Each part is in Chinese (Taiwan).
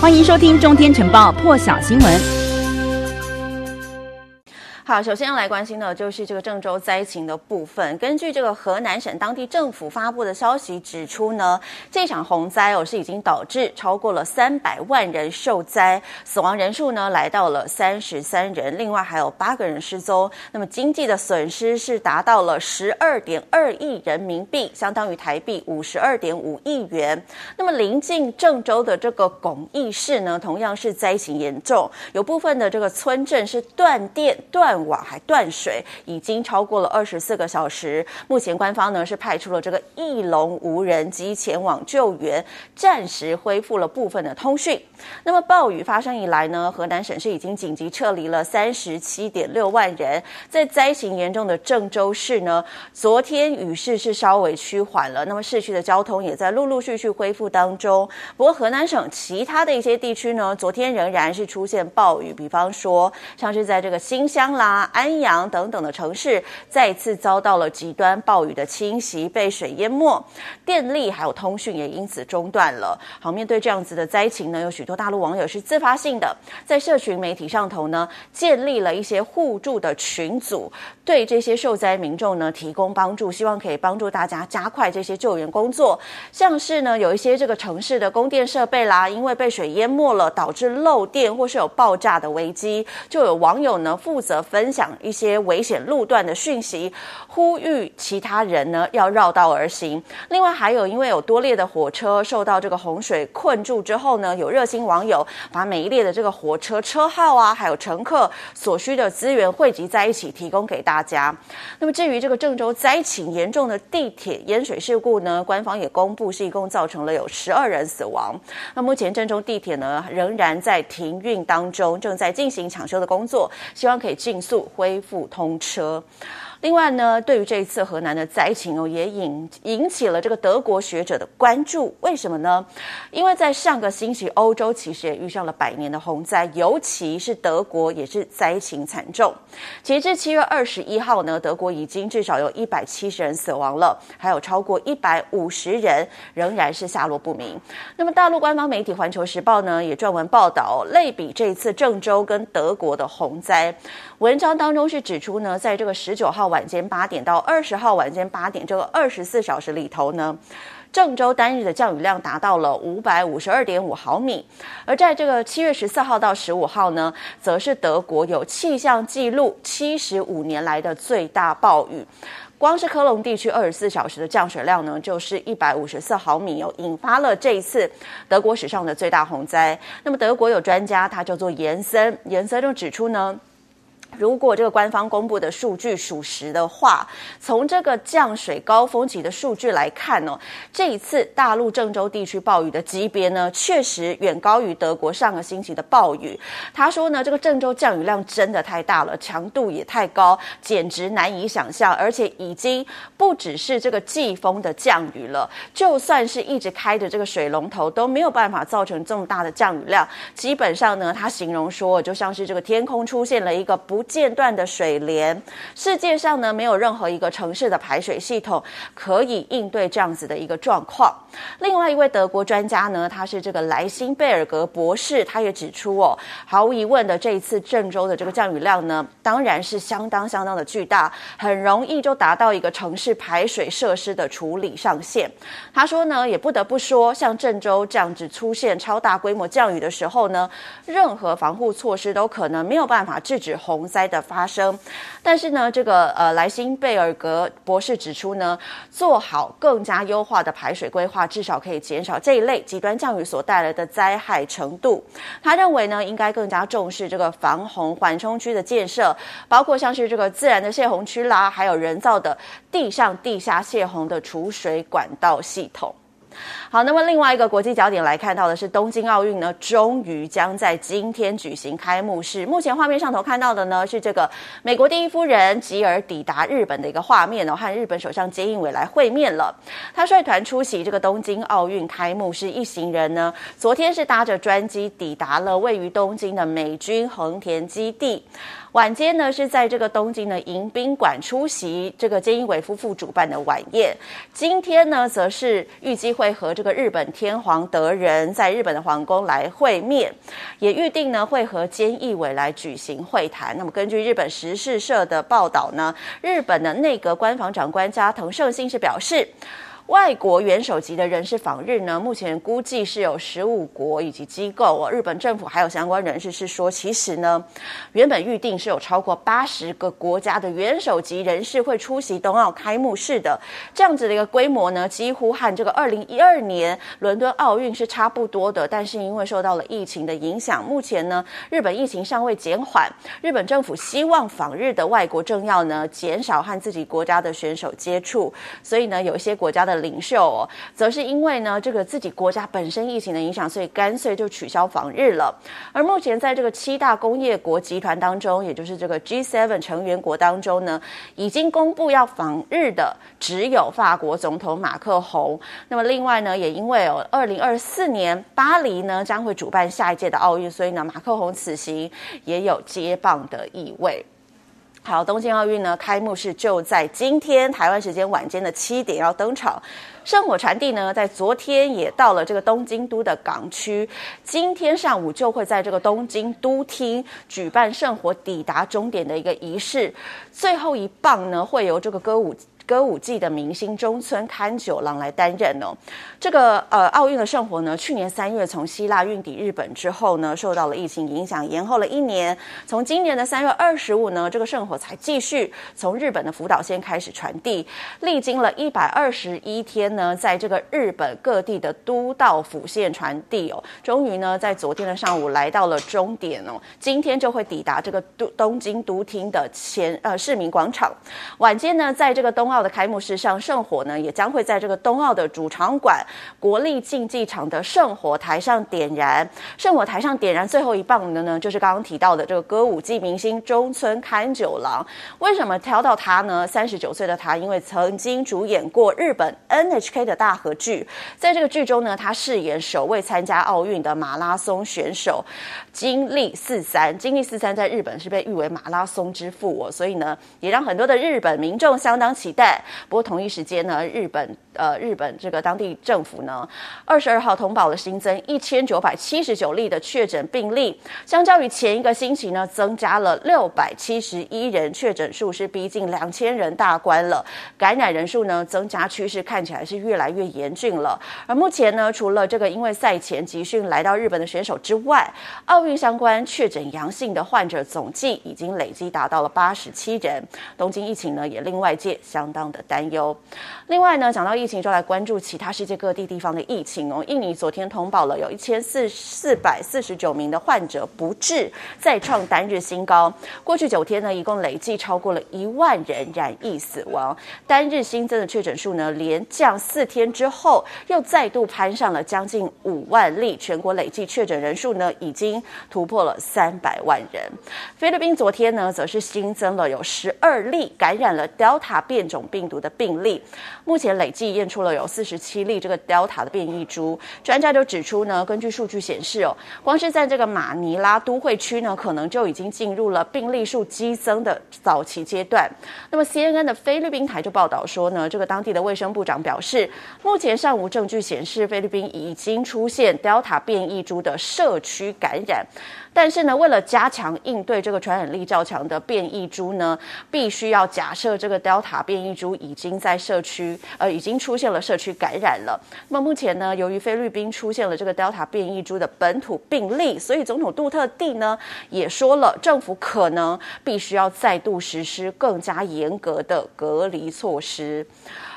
歡迎收聽《中天晨報》破曉新聞。好，首先要來關心的，就是這個鄭州災情的部分。根據這個河南省當地政府發布的消息指出呢，這場洪災哦是已經導致超過了三百萬人受災，死亡人數呢來到了三十三人，另外還有八個人失蹤。那麼經濟的損失是達到了十二點二億人民幣，相當於台幣五十二點五億元。那麼鄰近鄭州的這個鞏義市呢，同樣是災情嚴重，有部分的這個村鎮是斷電斷。網還斷水，已經超過了二十四個小時。目前官方呢是派出了這個翼龍無人機前往救援，暫時恢復了部分的通訊。那麼暴雨發生以來呢，河南省是已經緊急撤離了三十七點六萬人。在災情嚴重的鄭州市呢，昨天雨勢是稍微趨緩了，那麼市區的交通也在陸陸續續恢復當中。不過河南省其他的一些地區呢，昨天仍然是出現暴雨，比方說像是在這個新鄉啦。啊！安陽等等的城市再次遭到了極端暴雨的侵襲，被水淹沒，電力還有通訊也因此中斷了。好，面對這樣子的災情呢，有許多大陸網友是自發性的，在社群媒體上頭呢，建立了一些互助的群組，對這些受災民眾呢提供幫助，希望可以幫助大家加快這些救援工作。像是呢，有一些這個城市的供電設備啦，因為被水淹沒了，導致漏電或是有爆炸的危機，就有網友呢負責分。分享一些危險路段的訊息，呼籲其他人呢要繞道而行。另外，還有因為有多列的火車受到這個洪水困住之後呢，有熱心網友把每一列的這個火車車號啊，還有乘客所需的資源匯集在一起，提供給大家。那麼，至於這個鄭州災情嚴重的地鐵淹水事故呢，官方也公布是一共造成了有十二人死亡。那目前鄭州地鐵呢仍然在停運當中，正在進行搶修的工作，希望可以盡。速恢復通車。另外呢，對於這一次河南的災情，哦，也引引起了這個德國學者的關注。為什麼呢？因為在上個星期，歐洲其實也遇上了百年的洪災，尤其是德國也是災情慘重。截至七月二十一號呢，德國已經至少有一百七十人死亡了，還有超過一百五十人仍然是下落不明。那麼，大陸官方媒體《環球時報》呢也撰文報道，類比這一次鄭州跟德國的洪災，文章當中是指出呢，在這個十九號。晚間八點到二十號晚間八點，這個二十四小時裡頭呢，鄭州單日的降雨量達到了五百五十二點五毫米。而在這個七月十四號到十五號呢，則是德國有氣象記錄七十五年來的最大暴雨。光是科隆地區二十四小時的降水量呢，就是一百五十四毫米，哦，又引發了這一次德國史上的最大洪災。那麼，德國有專家，他叫做延森，延森就指出呢。如果這個官方公布的數據屬實的話，從這個降水高峰期的數據來看呢，哦，這一次大陸鄭州地區暴雨的級別呢，確實遠高於德國上個星期的暴雨。他說呢，這個鄭州降雨量真的太大了，強度也太高，簡直難以想象。而且已經不只是這個季風的降雨了，就算是一直開着這個水龍頭都沒有辦法造成這麼大的降雨量。基本上呢，他形容說，就像是這個天空出現了一個不。不間斷的水簾，世界上呢沒有任何一個城市的排水系統可以應對這樣子的一個狀況。另外一位德國專家呢，他是這個萊辛貝爾格博士，他也指出哦，毫無疑問的，這一次鄭州的這個降雨量呢，當然是相當相當的巨大，很容易就達到一個城市排水設施的處理上限。他說呢，也不得不說，像鄭州這樣子出現超大規模降雨的時候呢，任何防護措施都可能沒有辦法制止洪災的發生，但是呢，這個呃萊辛貝爾格博士指出呢，做好更加優化的排水規劃，至少可以減少這一類極端降雨所帶來的災害程度。他認為呢，應該更加重視這個防洪緩衝區的建設，包括像是這個自然的洩洪區啦，還有人造的地上、地下洩洪的儲水管道系統。好，那麼另外一個國際焦點來看到的是，東京奧運呢，終於將在今天舉行開幕式。目前畫面上頭看到的呢，是這個美國第一夫人吉爾抵達日本的一個畫面哦，和日本首相菅義偉來會面了。她率團出席這個東京奧運開幕式，一行人呢，昨天是搭着專機抵達了位於東京的美軍橫田基地，晚間呢是在這個東京的迎賓館出席這個菅義偉夫婦主辦的晚宴，今天呢則是預計會。會和這個日本天皇德仁在日本的皇宮來會面，也預定呢會和菅義偉來舉行會談。那麼根據日本時事社的報道呢，日本的內閣官房長官加藤勝信是表示。外國元首級的人士訪日呢，目前估計是有十五國以及機構。哦，日本政府還有相關人士是說，其實呢，原本預定是有超過八十個國家的元首級人士會出席東奧開幕式的這樣子的一個規模呢，幾乎和這個二零一二年倫敦奧運是差不多的。但是因為受到了疫情的影響，目前呢，日本疫情尚未減緩，日本政府希望訪日的外國政要呢，減少和自己國家的選手接觸，所以呢，有一些國家的。領袖哦，則是因為呢，這個自己國家本身疫情的影響，所以乾脆就取消訪日了。而目前在這個七大工業國集團當中，也就是這個 G7 成員國當中呢，已經公布要訪日的只有法國總統馬克宏。那麼另外呢，也因為有二零二四年巴黎呢將會主辦下一屆的奧運，所以呢，馬克宏此行也有接棒的意味。好，東京奧運呢，開幕式就在今天台灣時間晚間的七點要登場，聖火傳遞呢，在昨天也到了這個東京都的港區，今天上午就會在這個東京都廳舉辦聖火抵達終點的一個儀式，最後一棒呢，會由這個歌舞。歌舞伎的明星中村勘九郎來擔任哦。這個呃奧運的聖火呢，去年三月從希臘運抵日本之後呢，受到了疫情影響，延後了一年。從今年的三月二十五呢，這個聖火才繼續從日本的福島縣開始傳遞，歷經了一百二十一天呢，在這個日本各地的都道府縣傳遞哦，終於呢在昨天的上午來到了終點哦。今天就會抵達這個都東京都廳的前呃市民廣場，晚間呢在這個東奧。的開幕式上，聖火呢也將會在這個東奧的主場館國立競技場的聖火台上點燃。聖火台上點燃最後一棒的呢，就是剛剛提到的這個歌舞伎明星中村勘九郎。為什麼挑到他呢？三十九歲的他，因為曾經主演過日本 NHK 的大河劇，在這個劇中呢，他飾演首位參加奧運的馬拉松選手金栗四三。金栗四三在日本是被譽為馬拉松之父哦，所以呢，也讓很多的日本民眾相當期待。不過，同一時間呢，日本。呃，日本這個當地政府呢，二十二號通報了新增一千九百七十九例的確診病例，相較於前一個星期呢，增加了六百七十一人，確診數是逼近兩千人大關了。感染人數呢，增加趨勢看起來是越來越嚴峻了。而目前呢，除了這個因為賽前集訓來到日本的選手之外，奧運相關確診陽性的患者總計已經累積達到了八十七人。東京疫情呢，也令外界相當的擔憂。另外呢，講到疫情就來關注其他世界各地地方的疫情哦。印尼昨天通報了有一千四四百四十九名的患者不治，再創單日新高。過去九天呢，一共累計超過了一萬人染疫死亡。單日新增的確診數呢，連降四天之後，又再度攀上了將近五萬例。全國累計確診人數呢，已經突破了三百萬人。菲律賓昨天呢，則是新增了有十二例感染了 Delta 變種病毒的病例，目前累計。驗出了有四十七例這個 Delta 的變異株，專家就指出呢，根據數據顯示哦，光是在這個馬尼拉都會區呢，可能就已經進入了病例數激增的早期階段。那麼 CNN 的菲律賓台就報道說呢，這個當地的衛生部長表示，目前尚無證據顯示菲律賓已經出現 Delta 變異株的社區感染，但是呢，為了加強應對這個傳染力較強的變異株呢，必須要假設這個 Delta 變異株已經在社區呃已經。出現了社區感染了。那目前呢，由於菲律賓出現了這個 Delta 變異株的本土病例，所以總統杜特蒂呢也說了，政府可能必須要再度實施更加嚴格的隔離措施。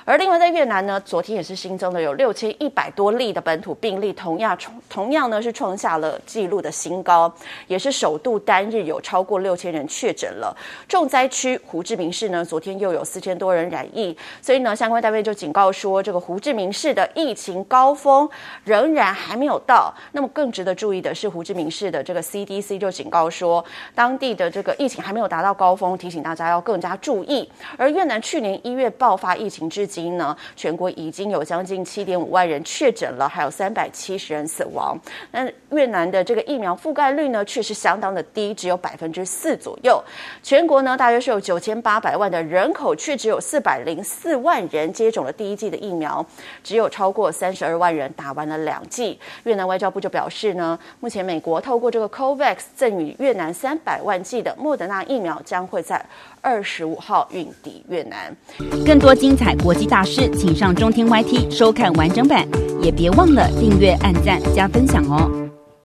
而另外，在越南呢，昨天也是新增的有六千一百多例的本土病例，同樣創同樣呢是創下了紀錄的新高，也是首度單日有超過六千人確診了。重災區胡志明市呢，昨天又有四千多人染疫，所以呢，相關單位就警告說，這個胡志明市的疫情高峰仍然還沒有到。那麼更值得注意的是，胡志明市的這個 CDC 就警告說，當地的這個疫情還沒有達到高峰，提醒大家要更加注意。而越南去年一月爆發疫情之前，今呢，全國已經有將近七點五萬人確診了，還有三百七十人死亡。那越南的這個疫苗覆蓋率呢，卻是相當的低，只有百分之四左右。全國呢，大約是有九千八百萬的人口，卻只有四百零四萬人接種了第一劑的疫苗，只有超過三十二萬人打完了兩劑。越南外交部就表示呢，目前美國透過這個 COVAX 贈予越南三百萬劑的莫德納疫苗，將會在二十五號運抵越南。更多精彩國。大師，請上中天 YT 收看完整版，也別忘了訂閱、按贊、加分享哦。